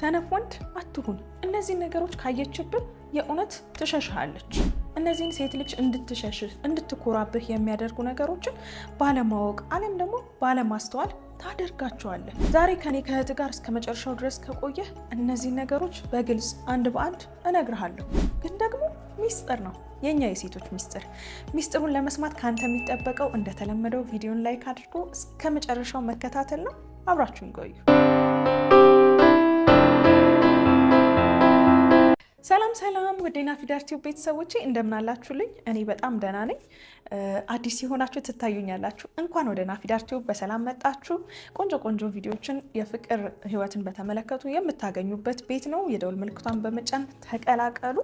ሰነፍ ወንድ አትሁን። እነዚህን ነገሮች ካየችብህ የእውነት ትሸሻለች። እነዚህን ሴት ልጅ እንድትሸሽህ እንድትኮራብህ የሚያደርጉ ነገሮችን ባለማወቅ አለም ደግሞ ባለማስተዋል ታደርጋቸዋለህ። ዛሬ ከኔ ከእህት ጋር እስከ መጨረሻው ድረስ ከቆየህ እነዚህን ነገሮች በግልጽ አንድ በአንድ እነግርሃለሁ። ግን ደግሞ ሚስጥር ነው የኛ የሴቶች ሚስጥር። ሚስጥሩን ለመስማት ከአንተ የሚጠበቀው እንደተለመደው ቪዲዮን ላይክ አድርጎ እስከ መጨረሻው መከታተል ነው። አብራችሁን ቆዩ። ሰላም ሰላም ወደ ናፊዳር ቲዩብ ቤተሰቦቼ እንደምናላችሁልኝ፣ እኔ በጣም ደህና ነኝ። አዲስ የሆናችሁ ትታዩኛላችሁ፣ እንኳን ወደ ናፊዳር ቲዩብ በሰላም መጣችሁ። ቆንጆ ቆንጆ ቪዲዮችን የፍቅር ህይወትን በተመለከቱ የምታገኙበት ቤት ነው። የደውል ምልክቷን በመጫን ተቀላቀሉ።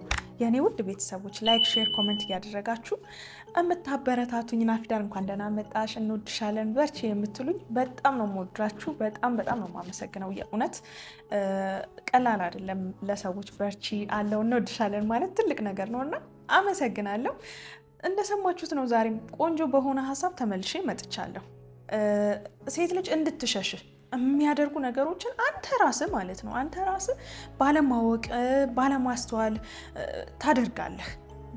የእኔ ውድ ቤተሰቦች ላይክ፣ ሼር፣ ኮመንት እያደረጋችሁ የምታበረታቱኝ ናፊዳር እንኳን ደህና መጣሽ፣ እንወድሻለን፣ በርቺ የምትሉኝ በጣም ነው የምወዳችሁ። በጣም በጣም ነው የማመሰግነው። የእውነት ቀላል አይደለም ለሰዎች በርቺ አለው እንወድሻለን ማለት ትልቅ ነገር ነው እና አመሰግናለሁ። እንደሰማችሁት ነው። ዛሬም ቆንጆ በሆነ ሀሳብ ተመልሼ መጥቻለሁ። ሴት ልጅ እንድትሸሽ የሚያደርጉ ነገሮችን አንተ ራስ ማለት ነው አንተ ራስ ባለማወቅ ባለማስተዋል ታደርጋለህ።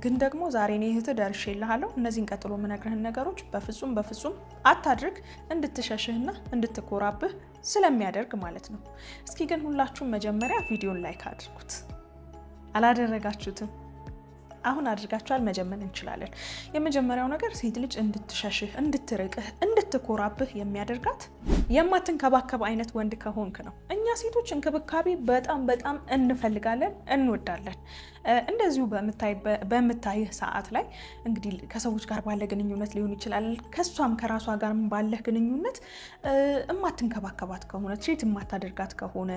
ግን ደግሞ ዛሬ እኔ እህትህ ደርሼልሃለሁ። እነዚህን ቀጥሎ የምነግርህን ነገሮች በፍጹም በፍጹም አታድርግ፣ እንድትሸሽህና እንድትኮራብህ ስለሚያደርግ ማለት ነው። እስኪ ግን ሁላችሁም መጀመሪያ ቪዲዮን ላይክ አድርጉት። አላደረጋችሁትም። አሁን አድርጋችኋል፣ መጀመር እንችላለን። የመጀመሪያው ነገር ሴት ልጅ እንድትሸሽህ፣ እንድትርቅህ፣ እንድትኮራብህ የሚያደርጋት የማትንከባከብ አይነት ወንድ ከሆንክ ነው። ሴቶች እንክብካቤ በጣም በጣም እንፈልጋለን እንወዳለን። እንደዚሁ በምታይህ ሰዓት ላይ እንግዲህ ከሰዎች ጋር ባለ ግንኙነት ሊሆን ይችላል። ከእሷም ከራሷ ጋር ባለህ ግንኙነት እማትንከባከባት ከሆነ ትሬት የማታደርጋት ከሆነ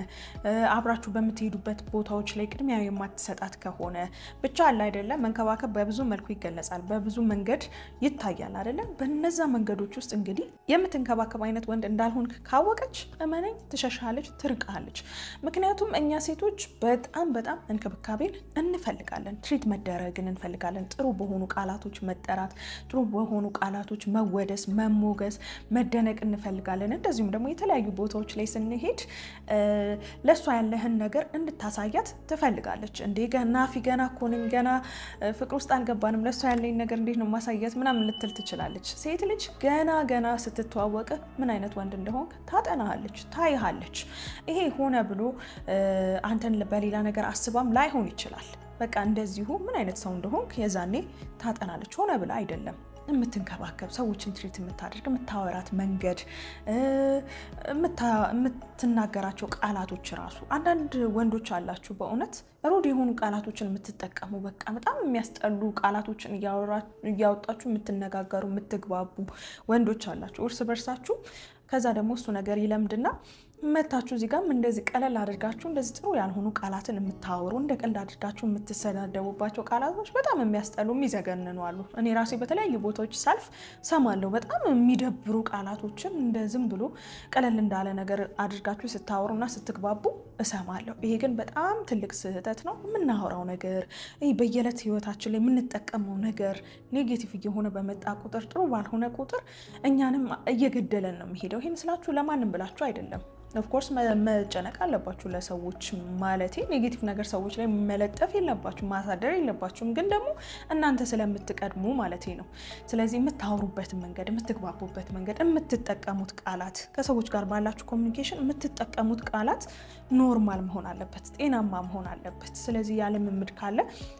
አብራችሁ በምትሄዱበት ቦታዎች ላይ ቅድሚያ የማትሰጣት ከሆነ ብቻ አለ አይደለም። መንከባከብ በብዙ መልኩ ይገለጻል፣ በብዙ መንገድ ይታያል አይደለም። በነዛ መንገዶች ውስጥ እንግዲህ የምትንከባከብ አይነት ወንድ እንዳልሆን ካወቀች እመነኝ ትሸሻለች፣ ትርቅ ትጠብቅሃለች። ምክንያቱም እኛ ሴቶች በጣም በጣም እንክብካቤን እንፈልጋለን፣ ትሪት መደረግን እንፈልጋለን። ጥሩ በሆኑ ቃላቶች መጠራት፣ ጥሩ በሆኑ ቃላቶች መወደስ፣ መሞገስ፣ መደነቅ እንፈልጋለን። እንደዚሁም ደግሞ የተለያዩ ቦታዎች ላይ ስንሄድ ለእሷ ያለህን ነገር እንድታሳያት ትፈልጋለች። እንዴ ገና ፊ ገና እኮ ነኝ ገና ፍቅር ውስጥ አልገባንም፣ ለእሷ ያለኝ ነገር እንዴት ነው ማሳያት ምናምን ልትል ትችላለች። ሴት ልጅ ገና ገና ስትተዋወቅ ምን አይነት ወንድ እንደሆን ታጠናሃለች፣ ታይሃለች። ይሄ ሆነ ብሎ አንተን በሌላ ነገር አስባም ላይሆን ይችላል። በቃ እንደዚሁ ምን አይነት ሰው እንደሆንክ የዛኔ ታጠናለች። ሆነ ብላ አይደለም የምትንከባከብ ሰዎችን ትሪት የምታደርግ የምታወራት መንገድ የምትናገራቸው ቃላቶች ራሱ አንዳንድ ወንዶች አላችሁ በእውነት ሩድ የሆኑ ቃላቶችን የምትጠቀሙ በቃ በጣም የሚያስጠሉ ቃላቶችን እያወጣችሁ የምትነጋገሩ የምትግባቡ ወንዶች አላችሁ እርስ በርሳችሁ። ከዛ ደግሞ እሱ ነገር ይለምድና መታችሁ እዚህ ጋርም እንደዚህ ቀለል አድርጋችሁ እንደዚህ ጥሩ ያልሆኑ ቃላትን የምታወሩ እንደ ቀልድ አድርጋችሁ የምትሰዳደቡባቸው ቃላቶች በጣም የሚያስጠሉ የሚዘገንኑ አሉ። እኔ ራሴ በተለያዩ ቦታዎች ሳልፍ ሰማለሁ። በጣም የሚደብሩ ቃላቶችን እንደ ዝም ብሎ ቀለል እንዳለ ነገር አድርጋችሁ ስታወሩና ስትግባቡ እሰማለሁ። ይሄ ግን በጣም ትልቅ ስህተት ነው። የምናወራው ነገር በየዕለት ህይወታችን ላይ የምንጠቀመው ነገር ኔጌቲቭ እየሆነ በመጣ ቁጥር፣ ጥሩ ባልሆነ ቁጥር እኛንም እየገደለን ነው የሚሄደው። ይህን ስላችሁ ለማንም ብላችሁ አይደለም ኦፍኮርስ መጨነቅ አለባችሁ ለሰዎች ማለት ኔጌቲቭ ነገር ሰዎች ላይ መለጠፍ የለባችሁ ማሳደር የለባችሁም፣ ግን ደግሞ እናንተ ስለምትቀድሙ ማለት ነው። ስለዚህ የምታወሩበት መንገድ፣ የምትግባቡበት መንገድ፣ የምትጠቀሙት ቃላት ከሰዎች ጋር ባላችሁ ኮሚኒኬሽን የምትጠቀሙት ቃላት ኖርማል መሆን አለበት፣ ጤናማ መሆን አለበት። ስለዚህ ያለምምድ ካለ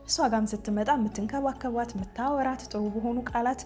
እሷ ጋም ስትመጣ የምትንከባከባት የምታወራት ጥሩ በሆኑ ቃላት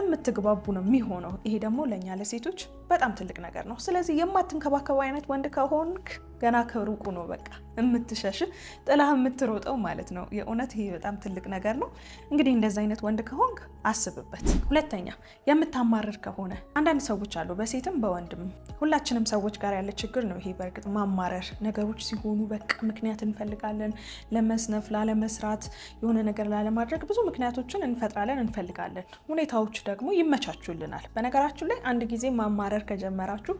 የምትግባቡ ነው የሚሆነው። ይሄ ደግሞ ለእኛ ለሴቶች በጣም ትልቅ ነገር ነው። ስለዚህ የማትንከባከባ climate wonder cohonk? ገና ከሩቁ ነው በቃ የምትሸሽ ጥላ የምትሮጠው ማለት ነው። የእውነት ይሄ በጣም ትልቅ ነገር ነው። እንግዲህ እንደዚህ አይነት ወንድ ከሆንክ አስብበት። ሁለተኛ የምታማርር ከሆነ አንዳንድ ሰዎች አሉ፣ በሴትም በወንድም ሁላችንም ሰዎች ጋር ያለ ችግር ነው ይሄ በእርግጥ ማማረር። ነገሮች ሲሆኑ በቃ ምክንያት እንፈልጋለን ለመስነፍ፣ ላለመስራት፣ የሆነ ነገር ላለማድረግ ብዙ ምክንያቶችን እንፈጥራለን እንፈልጋለን። ሁኔታዎች ደግሞ ይመቻቹልናል። በነገራችን ላይ አንድ ጊዜ ማማረር ከጀመራችሁ፣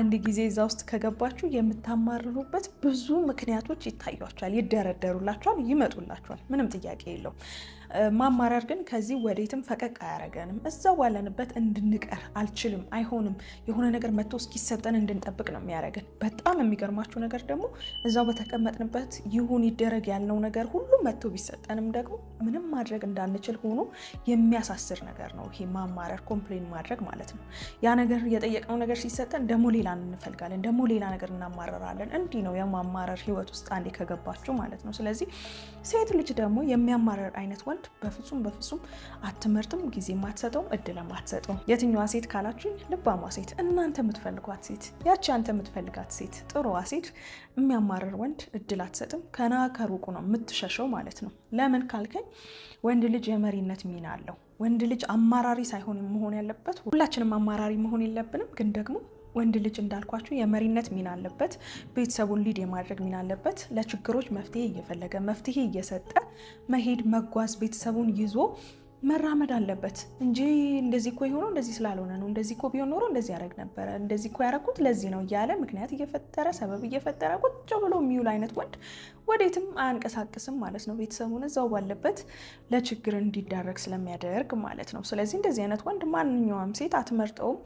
አንድ ጊዜ እዛ ውስጥ ከገባችሁ የምታማ የምትባረሩበት ብዙ ምክንያቶች ይታያቸዋል። ይደረደሩላቸዋል፣ ይመጡላቸዋል። ምንም ጥያቄ የለውም። ማማረር ግን ከዚህ ወዴትም ፈቀቅ አያደርገንም። እዛው ባለንበት እንድንቀር አልችልም፣ አይሆንም። የሆነ ነገር መጥቶ እስኪሰጠን እንድንጠብቅ ነው የሚያደርገን። በጣም የሚገርማችሁ ነገር ደግሞ እዛው በተቀመጥንበት ይሁን ይደረግ ያልነው ነገር ሁሉ መጥቶ ቢሰጠንም ደግሞ ምንም ማድረግ እንዳንችል ሆኖ የሚያሳስር ነገር ነው ይሄ ማማረር፣ ኮምፕሌን ማድረግ ማለት ነው። ያ ነገር የጠየቅነው ነገር ሲሰጠን ደግሞ ሌላ እንፈልጋለን፣ ደግሞ ሌላ ነገር እናማረራለን። እንዲህ ነው የማማረር ህይወት ውስጥ አንዴ ከገባችሁ ማለት ነው። ስለዚህ ሴት ልጅ ደግሞ የሚያማረር አይነት ወንድ ወንድ በፍጹም በፍጹም አትመርጥም፣ ጊዜም አትሰጠውም፣ እድልም አትሰጠውም። የትኛዋ ሴት ካላችሁኝ ልባሟ ሴት፣ እናንተ የምትፈልጓት ሴት፣ ያቺ አንተ የምትፈልጋት ሴት፣ ጥሩዋ ሴት። የሚያማርር ወንድ እድል አትሰጥም፣ ከና ከሩቁ ነው የምትሸሸው ማለት ነው። ለምን ካልከኝ ወንድ ልጅ የመሪነት ሚና አለው። ወንድ ልጅ አማራሪ ሳይሆን መሆን ያለበት፣ ሁላችንም አማራሪ መሆን የለብንም ግን ደግሞ ወንድ ልጅ እንዳልኳችሁ የመሪነት ሚና አለበት። ቤተሰቡን ሊድ የማድረግ ሚና አለበት። ለችግሮች መፍትሄ እየፈለገ መፍትሄ እየሰጠ መሄድ መጓዝ፣ ቤተሰቡን ይዞ መራመድ አለበት እንጂ እንደዚህ እኮ የሆነው እንደዚህ ስላልሆነ ነው፣ እንደዚህ እኮ ቢሆን ኖሮ እንደዚህ ያደረግ ነበረ፣ እንደዚህ እኮ ያደረኩት ለዚህ ነው እያለ ምክንያት እየፈጠረ ሰበብ እየፈጠረ ቁጭ ብሎ የሚውል አይነት ወንድ ወዴትም አያንቀሳቅስም ማለት ነው። ቤተሰቡን እዛው ባለበት ለችግር እንዲዳረግ ስለሚያደርግ ማለት ነው። ስለዚህ እንደዚህ አይነት ወንድ ማንኛውም ሴት አትመርጠውም፣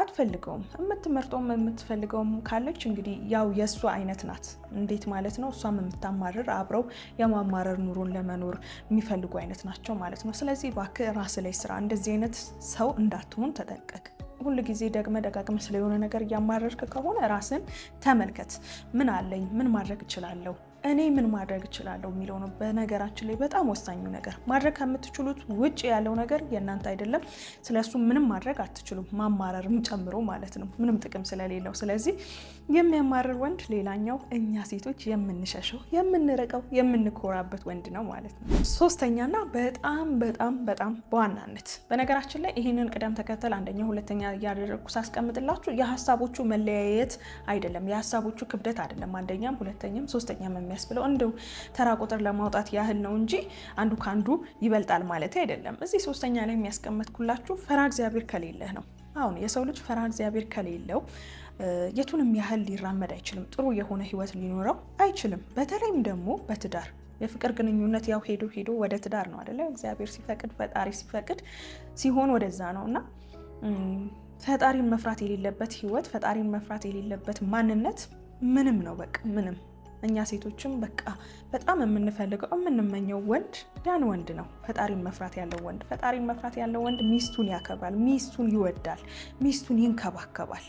አትፈልገውም። የምትመርጠውም የምትፈልገውም ካለች እንግዲህ ያው የእሱ አይነት ናት። እንዴት ማለት ነው? እሷም የምታማርር አብረው የማማረር ኑሮን ለመኖር የሚፈልጉ አይነት ናቸው ማለት ነው። ስለዚህ እባክህ ራስ ላይ ስራ፣ እንደዚህ አይነት ሰው እንዳትሆን ተጠንቀቅ። ሁሉ ጊዜ ደግመ ደጋግመ ስለሆነ ነገር እያማረርክ ከሆነ ራስን ተመልከት። ምን አለኝ? ምን ማድረግ እችላለሁ? እኔ ምን ማድረግ እችላለሁ የሚለው ነው። በነገራችን ላይ በጣም ወሳኙ ነገር ማድረግ ከምትችሉት ውጭ ያለው ነገር የእናንተ አይደለም። ስለሱ ምንም ማድረግ አትችሉም፣ ማማረርም ጨምሮ ማለት ነው፣ ምንም ጥቅም ስለሌለው። ስለዚህ የሚያማርር ወንድ ሌላኛው እኛ ሴቶች የምንሸሸው፣ የምንርቀው፣ የምንኮራበት ወንድ ነው ማለት ነው። ሶስተኛና በጣም በጣም በጣም በዋናነት በነገራችን ላይ ይህንን ቅደም ተከተል አንደኛ ሁለተኛ እያደረግኩ ሳስቀምጥላችሁ የሀሳቦቹ መለያየት አይደለም፣ የሀሳቦቹ ክብደት አይደለም። አንደኛም ሁለተኛም ሶስተኛም የሚያስብለው እንደው ተራ ቁጥር ለማውጣት ያህል ነው እንጂ አንዱ ከአንዱ ይበልጣል ማለት አይደለም። እዚህ ሶስተኛ ላይ የሚያስቀመጥኩላችሁ ፈራ እግዚአብሔር ከሌለህ ነው። አሁን የሰው ልጅ ፈራ እግዚአብሔር ከሌለው የቱንም ያህል ሊራመድ አይችልም። ጥሩ የሆነ ህይወት ሊኖረው አይችልም። በተለይም ደግሞ በትዳር የፍቅር ግንኙነት ያው ሄዶ ሄዶ ወደ ትዳር ነው አደለ? እግዚአብሔር ሲፈቅድ ፈጣሪ ሲፈቅድ ሲሆን ወደዛ ነው እና ፈጣሪን መፍራት የሌለበት ህይወት፣ ፈጣሪን መፍራት የሌለበት ማንነት ምንም ነው በቃ ምንም እኛ ሴቶችም በቃ በጣም የምንፈልገው የምንመኘው ወንድ ያን ወንድ ነው፣ ፈጣሪን መፍራት ያለው ወንድ። ፈጣሪን መፍራት ያለው ወንድ ሚስቱን ያከብራል፣ ሚስቱን ይወዳል፣ ሚስቱን ይንከባከባል።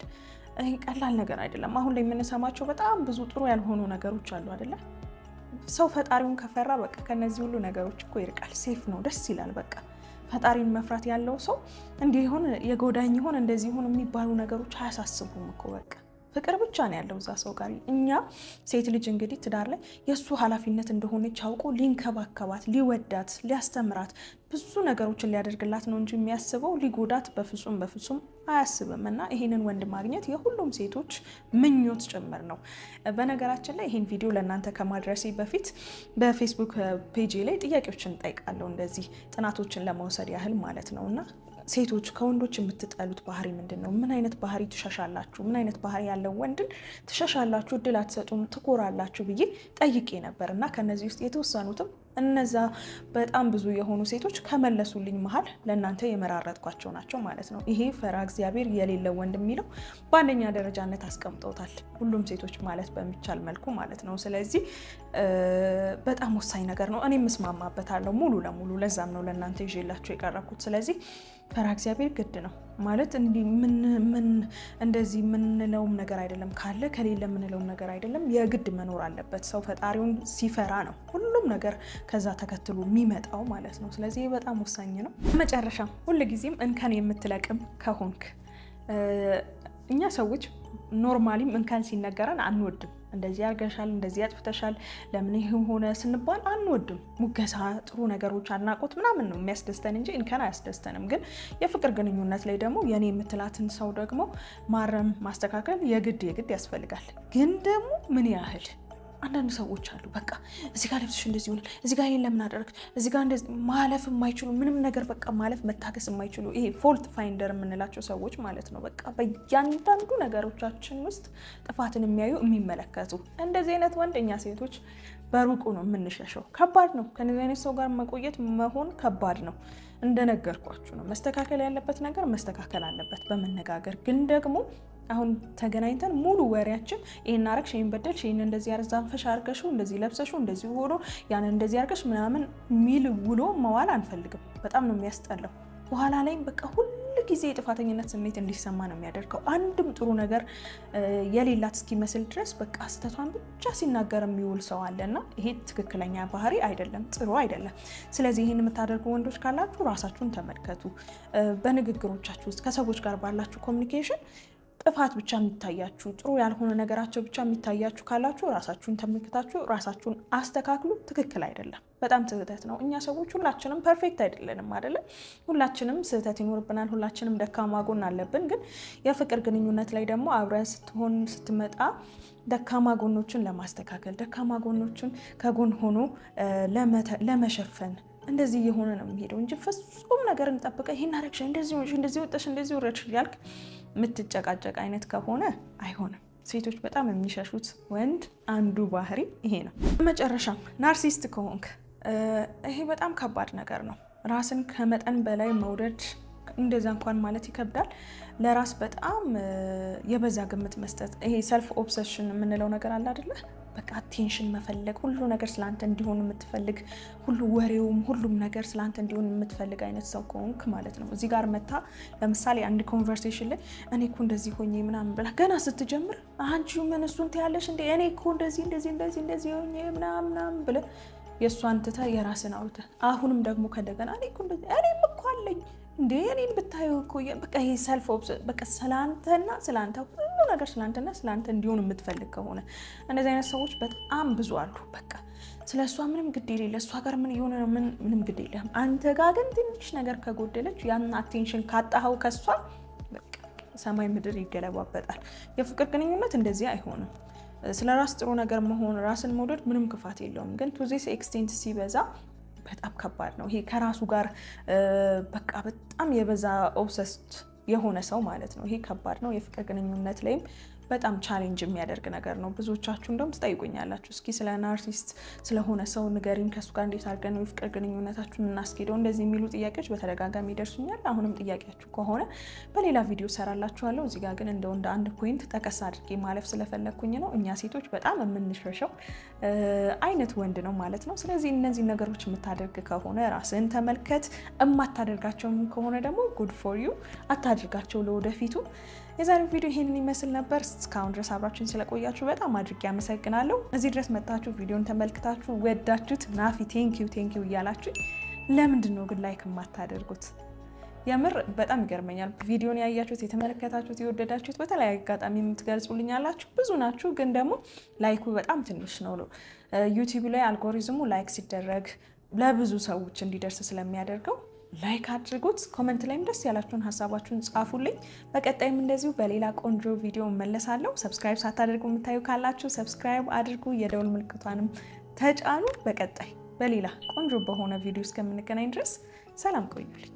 ቀላል ነገር አይደለም። አሁን ላይ የምንሰማቸው በጣም ብዙ ጥሩ ያልሆኑ ነገሮች አሉ አይደለ? ሰው ፈጣሪውን ከፈራ በቃ ከነዚህ ሁሉ ነገሮች እኮ ይርቃል፣ ሴፍ ነው፣ ደስ ይላል። በቃ ፈጣሪን መፍራት ያለው ሰው እንዲህ ይሆን የጎዳኝ ይሁን እንደዚህ ይሆን የሚባሉ ነገሮች አያሳስቡም እኮ በቃ ፍቅር ብቻ ነው ያለው እዛ ሰው ጋር። እኛ ሴት ልጅ እንግዲህ ትዳር ላይ የእሱ ኃላፊነት እንደሆነች አውቆ ሊንከባከባት፣ ሊወዳት፣ ሊያስተምራት ብዙ ነገሮችን ሊያደርግላት ነው እንጂ የሚያስበው ሊጎዳት በፍጹም በፍጹም አያስብም። እና ይህንን ወንድ ማግኘት የሁሉም ሴቶች ምኞት ጭምር ነው። በነገራችን ላይ ይህን ቪዲዮ ለእናንተ ከማድረሴ በፊት በፌስቡክ ፔጅ ላይ ጥያቄዎችን እንጠይቃለሁ እንደዚህ ጥናቶችን ለመውሰድ ያህል ማለት ነው እና ሴቶች ከወንዶች የምትጠሉት ባህሪ ምንድን ነው? ምን አይነት ባህሪ ትሻሻላችሁ ምን አይነት ባህሪ ያለው ወንድን ትሻሻላችሁ እድል አትሰጡም፣ ትኮራላችሁ ብዬ ጠይቄ ነበር እና ከነዚህ ውስጥ የተወሰኑትም እነዛ በጣም ብዙ የሆኑ ሴቶች ከመለሱልኝ መሀል ለእናንተ የመራረጥኳቸው ናቸው ማለት ነው። ይሄ ፈራ እግዚአብሔር የሌለው ወንድ የሚለው በአንደኛ ደረጃነት አስቀምጠውታል ሁሉም ሴቶች ማለት በሚቻል መልኩ ማለት ነው። ስለዚህ በጣም ወሳኝ ነገር ነው። እኔ ምስማማበታለሁ ሙሉ ለሙሉ። ለዛም ነው ለእናንተ ይዤላችሁ የቀረብኩት። ስለዚህ ፈራ እግዚአብሔር ግድ ነው ማለት እንደዚህ የምንለውም ነገር አይደለም፣ ካለ ከሌለ የምንለውም ነገር አይደለም። የግድ መኖር አለበት። ሰው ፈጣሪውን ሲፈራ ነው ሁሉም ነገር ከዛ ተከትሎ የሚመጣው ማለት ነው። ስለዚህ በጣም ወሳኝ ነው። መጨረሻም ሁልጊዜም እንከን የምትለቅም ከሆንክ እኛ ሰዎች ኖርማሊም እንከን ሲነገረን አንወድም። እንደዚህ ያርገሻል፣ እንደዚህ ያጥፍተሻል፣ ለምን ይህም ሆነ ስንባል አንወድም። ሙገሳ፣ ጥሩ ነገሮች፣ አድናቆት ምናምን ነው የሚያስደስተን እንጂ እንከን አያስደስተንም። ግን የፍቅር ግንኙነት ላይ ደግሞ የኔ የምትላትን ሰው ደግሞ ማረም፣ ማስተካከል የግድ የግድ ያስፈልጋል። ግን ደግሞ ምን ያህል አንዳንድ ሰዎች አሉ። በቃ እዚህ ጋር ልብስሽ እንደዚህ ይሆናል፣ እዚህ ጋር ይሄን ለምን አደረግሽ፣ እዚህ ጋር እንደዚህ ማለፍ የማይችሉ ምንም ነገር በቃ ማለፍ መታገስ የማይችሉ ይሄ ፎልት ፋይንደር የምንላቸው ሰዎች ማለት ነው። በቃ በእያንዳንዱ ነገሮቻችን ውስጥ ጥፋትን የሚያዩ የሚመለከቱ፣ እንደዚህ አይነት ወንድ እኛ ሴቶች በሩቁ ነው የምንሸሸው። ከባድ ነው። ከነዚህ አይነት ሰው ጋር መቆየት መሆን ከባድ ነው። እንደነገርኳችሁ ነው። መስተካከል ያለበት ነገር መስተካከል አለበት በመነጋገር ግን ደግሞ አሁን ተገናኝተን ሙሉ ወሬያችን ይሄን አረግሽ፣ ይሄን በደልሽ፣ ይሄን እንደዚህ ያርዛንፈሽ አርገሽው፣ እንደዚህ ለብሰሽው፣ እንደዚህ ሆኖ ያን እንደዚህ አርገሽ ምናምን ሚል ውሎ መዋል አንፈልግም። በጣም ነው የሚያስጠላው። በኋላ ላይም በቃ ሁሉ ጊዜ የጥፋተኝነት ስሜት እንዲሰማ ነው የሚያደርገው። አንድም ጥሩ ነገር የሌላት እስኪመስል ድረስ በቃ ስህተቷን ብቻ ሲናገር የሚውል ሰው አለና ይሄ ትክክለኛ ባህሪ አይደለም፣ ጥሩ አይደለም። ስለዚህ ይህን የምታደርጉ ወንዶች ካላችሁ ራሳችሁን ተመልከቱ። በንግግሮቻችሁ ውስጥ ከሰዎች ጋር ባላችሁ ኮሚኒኬሽን ጥፋት ብቻ የሚታያችሁ ጥሩ ያልሆነ ነገራቸው ብቻ የሚታያችሁ ካላችሁ ራሳችሁን ተመልክታችሁ ራሳችሁን አስተካክሉ። ትክክል አይደለም፣ በጣም ስህተት ነው። እኛ ሰዎች ሁላችንም ፐርፌክት አይደለንም፣ አይደለም። ሁላችንም ስህተት ይኖርብናል፣ ሁላችንም ደካማ ጎን አለብን። ግን የፍቅር ግንኙነት ላይ ደግሞ አብረን ስትሆን ስትመጣ ደካማ ጎኖችን ለማስተካከል ደካማ ጎኖችን ከጎን ሆኖ ለመሸፈን እንደዚህ እየሆነ ነው የሚሄደው እንጂ ፍጹም ነገር እንጠብቀ ይህን አረግሽ፣ እንደዚህ ሆንሽ፣ እንደዚህ ወጣሽ፣ እንደዚህ እያልክ የምትጨቃጨቅ አይነት ከሆነ አይሆንም። ሴቶች በጣም የሚሸሹት ወንድ አንዱ ባህሪ ይሄ ነው። መጨረሻም ናርሲስት ከሆንክ ይሄ በጣም ከባድ ነገር ነው። ራስን ከመጠን በላይ መውደድ እንደዛ እንኳን ማለት ይከብዳል። ለራስ በጣም የበዛ ግምት መስጠት፣ ይሄ ሰልፍ ኦብሰሽን የምንለው ነገር አለ አይደለ? በቃ አቴንሽን መፈለግ ሁሉ ነገር ስለአንተ እንዲሆን የምትፈልግ ሁሉ ወሬውም ሁሉም ነገር ስለአንተ እንዲሆን የምትፈልግ አይነት ሰው ከሆንክ ማለት ነው። እዚህ ጋር መታ ለምሳሌ አንድ ኮንቨርሴሽን ላይ እኔ እኮ እንደዚህ ሆኜ ምናምን ብላ ገና ስትጀምር አንቺ ምን እሱን ትያለሽ እንዴ? እኔ እኮ እንደዚህ እንደዚህ እንደዚህ እንደዚህ ሆኜ ምናምናም ብለ ብለህ የእሷን ትተህ የራስን አውርተህ አሁንም ደግሞ ከደገና እኔ እኮ እንደዚህ እኔም እኮ አለኝ እንዴ እኔን ብታዩ እኮ በቃ ይሄ ሰልፍ በቃ ስላንተና ስላንተ ሁሉ ነገር ስላንተና ስላንተ እንዲሆን የምትፈልግ ከሆነ እንደዚህ አይነት ሰዎች በጣም ብዙ አሉ። በቃ ስለ እሷ ምንም ግድ የሌለ እሷ ጋር ምን የሆነ ምንም ግድ የለም። አንተ ጋር ግን ትንሽ ነገር ከጎደለች ያን አቴንሽን ካጣኸው ከእሷ ሰማይ ምድር ይገለባበጣል። የፍቅር ግንኙነት እንደዚህ አይሆንም። ስለ ራስ ጥሩ ነገር መሆን ራስን መውደድ ምንም ክፋት የለውም። ግን ቱዚስ ኤክስቴንት ሲበዛ በጣም ከባድ ነው። ይሄ ከራሱ ጋር በቃ በጣም የበዛ ኦብሰስድ የሆነ ሰው ማለት ነው። ይሄ ከባድ ነው። የፍቅር ግንኙነት ላይም በጣም ቻሌንጅ የሚያደርግ ነገር ነው። ብዙዎቻችሁ እንደውም ትጠይቁኛላችሁ፣ እስኪ ስለ ናርሲስት ስለሆነ ሰው ንገሪን፣ ከሱ ጋር እንዴት አድርገን ነው የፍቅር ግንኙነታችሁን እናስኬደው? እንደዚህ የሚሉ ጥያቄዎች በተደጋጋሚ ይደርሱኛል። አሁንም ጥያቄያችሁ ከሆነ በሌላ ቪዲዮ ሰራላችኋለሁ። እዚህ ጋር ግን እንደው እንደ አንድ ፖይንት ጠቀስ አድርጌ ማለፍ ስለፈለግኩኝ ነው። እኛ ሴቶች በጣም የምንሸሸው አይነት ወንድ ነው ማለት ነው። ስለዚህ እነዚህ ነገሮች የምታደርግ ከሆነ ራስን ተመልከት። የማታደርጋቸውም ከሆነ ደግሞ ጉድ ፎር ዩ አታደርጋቸው ለወደፊቱ። የዛሬው ቪዲዮ ይሄንን ይመስል ነበር። እስካሁን ድረስ አብራችን ስለቆያችሁ በጣም አድርጌ አመሰግናለሁ። እዚህ ድረስ መጥታችሁ ቪዲዮን ተመልክታችሁ ወዳችሁት ናፊ ቴንኪዩ ቴንኪዩ እያላችሁ ለምንድን ነው ግን ላይክ የማታደርጉት? የምር በጣም ይገርመኛል። ቪዲዮን ያያችሁት፣ የተመለከታችሁት፣ የወደዳችሁት በተለያየ አጋጣሚ የምትገልጹልኝ አላችሁ፣ ብዙ ናችሁ፣ ግን ደግሞ ላይኩ በጣም ትንሽ ነው። ዩቲዩብ ላይ አልጎሪዝሙ ላይክ ሲደረግ ለብዙ ሰዎች እንዲደርስ ስለሚያደርገው ላይክ አድርጉት። ኮመንት ላይም ደስ ያላችሁን ሀሳባችሁን ጻፉልኝ። በቀጣይም እንደዚሁ በሌላ ቆንጆ ቪዲዮ መለሳለሁ። ሰብስክራይብ ሳታደርጉ የምታዩ ካላችሁ ሰብስክራይብ አድርጉ፣ የደውል ምልክቷንም ተጫኑ። በቀጣይ በሌላ ቆንጆ በሆነ ቪዲዮ እስከምንገናኝ ድረስ ሰላም ቆዩልኝ።